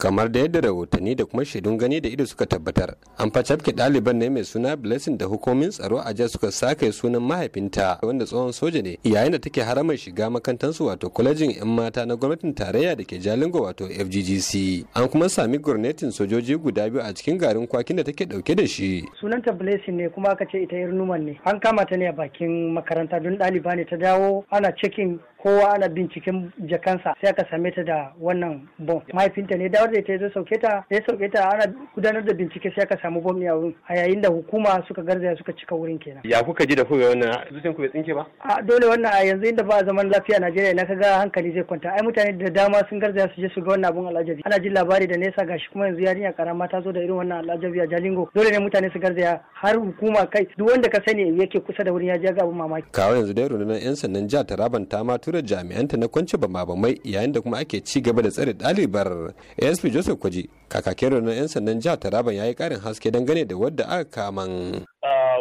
kamar da yadda rahotanni da kuma shaidun gani da ido suka tabbatar an facafke ɗaliban ne mai suna blessing da hukumin tsaro a jihar suka sake sunan mahaifinta wanda tsohon soja ne yayin da take haramar shiga makantansu wato kwalejin yan mata na gwamnatin tarayya da ke jalingo wato fggc an kuma sami gurnetin sojoji guda biyu a cikin garin kwakin da take dauke da shi sunanta blessing ne kuma aka ce ita irnuman ne an kama ta ne a bakin makaranta don ɗaliba ne ta dawo ana cikin kowa ana binciken jakansa sai aka same ta da wannan bom mahaifinta ne dawo harbe ta zo sauke ta ya sauke ta ana gudanar da bincike sai aka samu bom a wurin a yayin da hukuma suka garzaya suka cika wurin kenan ya kuka ji da kuka wannan zuciyan ku bai tsinke ba a dole wannan a yanzu inda ba a zaman lafiya a Najeriya na kaga hankali zai kwanta ai mutane da dama sun garzaya su je su ga wannan abun alajabi ana jin labari da nesa gashi kuma yanzu yarinya karama ta zo da irin wannan alajabi a Jalingo dole ne mutane su garzaya har hukuma kai duk wanda ka sani yake kusa da wurin ya ga abun mamaki kawo yanzu dai rundunar yan sandan jihar Taraban ta ma tura jami'an ta na kwance ba mabamai yayin da kuma ake ci gaba da tsare ɗalibar sp joseph kwaji kakakin rundunar 'yan sandan jihar taraban ya yi karin haske dangane da wadda aka kaman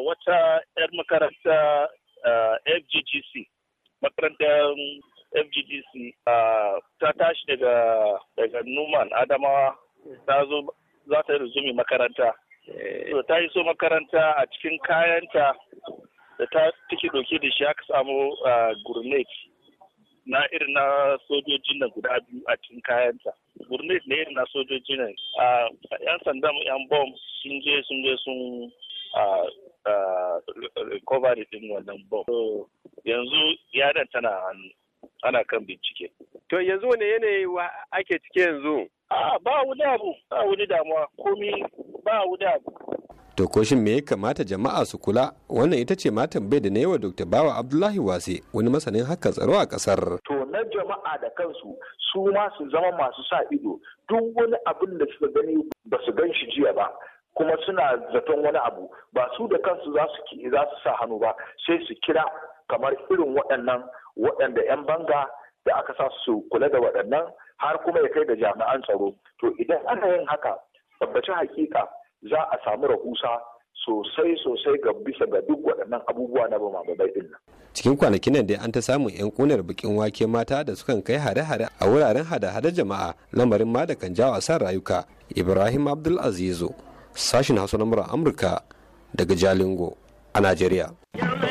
wata 'yar makaranta fggc makarantar fggc ta tashi daga numan adamawa ta zo za ta rizumi makaranta eh. ta yi so makaranta a cikin kayanta da ta take doke da shi aka samu gurnet na irin na sojojin na guda biyu a cikin kayanta Burne ne na sojoji ne a yan sanda yan bom sun je sun je sun recovery din wannan bom yanzu yaran tana hannu ana kan bincike to yanzu wane yanayi ake cike yanzu a ba wani abu ba wani damuwa komi ba wani abu to ko shin me ya kamata jama'a su kula wannan ita ce ma tambayar da na yi wa dr bawa abdullahi wase wani masanin haka tsaro a kasar to na jama'a da kansu su ma su zama masu sa ido duk wani abin da suka gani ba su gan shi jiya ba kuma suna zaton wani abu ba su da kansu za su sa hannu ba sai su kira kamar irin waɗannan waɗanda 'yan banga da aka sa su kula da waɗannan har kuma ya kai da jami'an tsaro to idan ana yin haka tabbaci hakika za a samu rahusa sosai sosai ga bisa ga duk waɗannan abubuwa na bama babai ɗin nan. cikin kwanakin nan dai an ta samun 'yan kunar bikin wake mata da sukan kai hare-hare a wuraren hada-hada jama'a lamarin ma da kan jawo asar rayuka ibrahim abdul azizu sashin hausa na amurka daga jalingo a najeriya